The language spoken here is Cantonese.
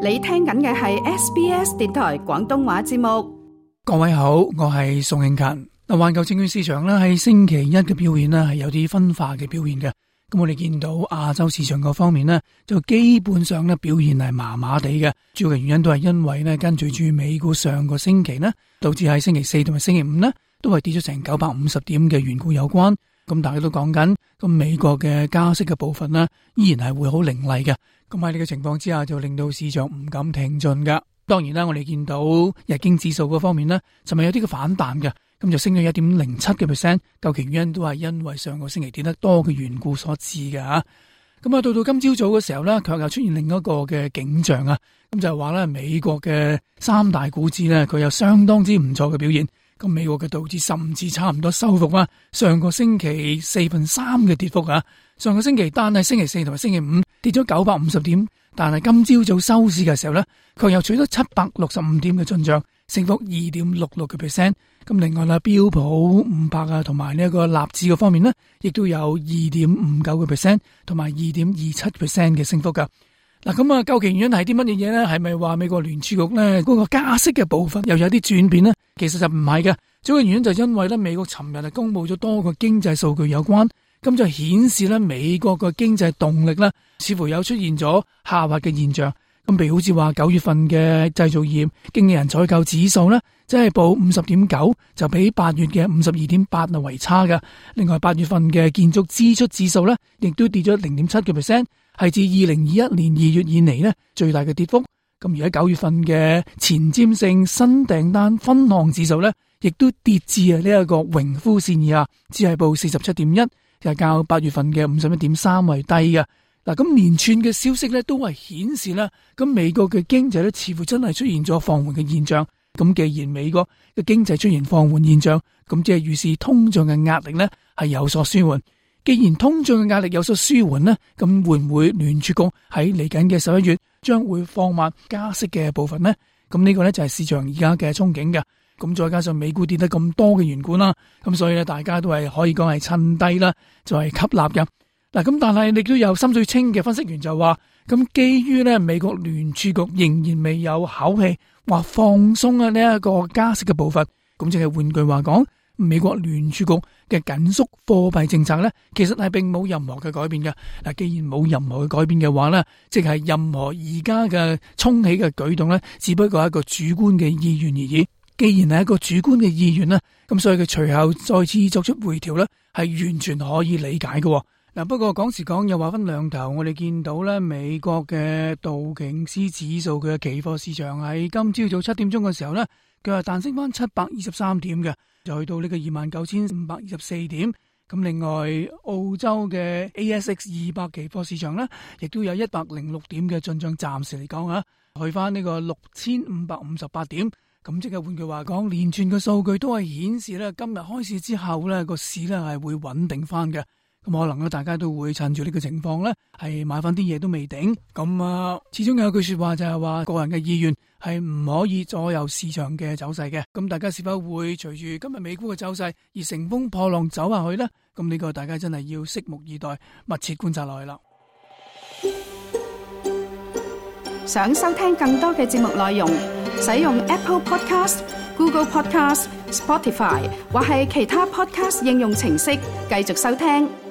你聽緊嘅係 SBS 電台廣東話節目，各位好，我係宋慶勤。嗱，環球證券市場呢喺星期一嘅表現呢係有啲分化嘅表現嘅。咁我哋見到亞洲市場個方面呢，就基本上呢表現係麻麻地嘅。主要嘅原因都係因為呢跟隨住美股上個星期呢導致喺星期四同埋星期五呢，都係跌咗成九百五十點嘅緣故有關。咁大家都講緊，咁美國嘅加息嘅部分呢，依然係會好凌厲嘅。咁喺呢個情況之下，就令到市場唔敢挺進噶。當然啦，我哋見到日經指數嗰方面呢，就係、是、有啲嘅反彈嘅，咁就升咗一點零七嘅 percent。究其原因，都係因為上個星期跌得多嘅緣故所致嘅吓。咁啊，到到今朝早嘅時候呢，卻又出現另一個嘅景象啊。咁就係話咧，美國嘅三大股指呢，佢有相當之唔錯嘅表現。咁美國嘅道指甚至差唔多收復啦，上個星期四分三嘅跌幅啊，上個星期單係星期四同埋星期五跌咗九百五十點，但係今朝早，早收市嘅時候咧，佢又取得七百六十五點嘅進賬，升幅二點六六嘅 percent。咁另外啦，標普五百啊，同埋呢一個納指方面咧，亦都有二點五九嘅 percent 同埋二點二七 percent 嘅升幅噶。嗱咁啊，究其原因係啲乜嘢嘢咧？係咪話美國聯儲局咧嗰個加息嘅部分又有啲轉變咧？其實就唔係嘅，主要原因就係因為咧美國尋日公佈咗多個經濟數據有關，咁就顯示咧美國嘅經濟動力咧似乎有出現咗下滑嘅現象。咁譬如好似話九月份嘅製造業經理人採購指數咧，即係報五十點九，就比八月嘅五十二點八啊為差㗎。另外八月份嘅建築支出指數咧，亦都跌咗零點七嘅 percent。係自二零二一年二月以嚟咧最大嘅跌幅，咁而喺九月份嘅前瞻性新訂單分項指數咧，亦都跌至啊呢一個榮枯線以下，只係報四十七點一，係較八月份嘅五十一點三為低嘅。嗱，咁連串嘅消息咧都係顯示啦，咁美國嘅經濟咧似乎真係出現咗放緩嘅現象，咁既然美國嘅經濟出現放緩現象，咁即係預示通脹嘅壓力咧係有所舒緩。既然通脹嘅壓力有所舒緩呢，咁會唔會聯儲局喺嚟緊嘅十一月將會放慢加息嘅部分呢？咁呢個咧就係市場而家嘅憧憬嘅。咁再加上美股跌得咁多嘅緣故啦，咁所以咧大家都係可以講係趁低啦，就係、是、吸納嘅。嗱，咁但係亦都有心水清嘅分析員就話，咁基於咧美國聯儲局仍然未有口氣話放鬆啊呢一個加息嘅部分，咁即係換句話講。美國聯儲局嘅緊縮貨幣政策咧，其實係並冇任何嘅改變嘅。嗱，既然冇任何嘅改變嘅話咧，即係任何而家嘅沖起嘅舉動咧，只不過係一個主觀嘅意願而已。既然係一個主觀嘅意願咧，咁所以佢隨後再次作出回調咧，係完全可以理解嘅。嗱，不過講時講又話分兩頭，我哋見到咧美國嘅道瓊斯指數佢嘅期貨市場喺今朝早七點鐘嘅時候咧，佢話彈升翻七百二十三點嘅，就去到呢個二萬九千五百二十四點。咁另外澳洲嘅 ASX 二百期貨市場咧，亦都有一百零六點嘅進賬，暫時嚟講啊，去翻呢個六千五百五十八點。咁即係換句話講，連串嘅數據都係顯示咧，今日開市之後咧個市咧係會穩定翻嘅。咁可能咧，大家都會趁住呢個情況咧，係買翻啲嘢都未定。咁啊，始終有一句說話就係話個人嘅意願。係唔可以左右市場嘅走勢嘅，咁大家是否會隨住今日美股嘅走勢而乘風破浪走下去呢？咁呢個大家真係要拭目以待，密切觀察落去啦。想收聽更多嘅節目內容，使用 Apple Podcast、Google Podcast、Spotify 或係其他 Podcast 應用程式繼續收聽。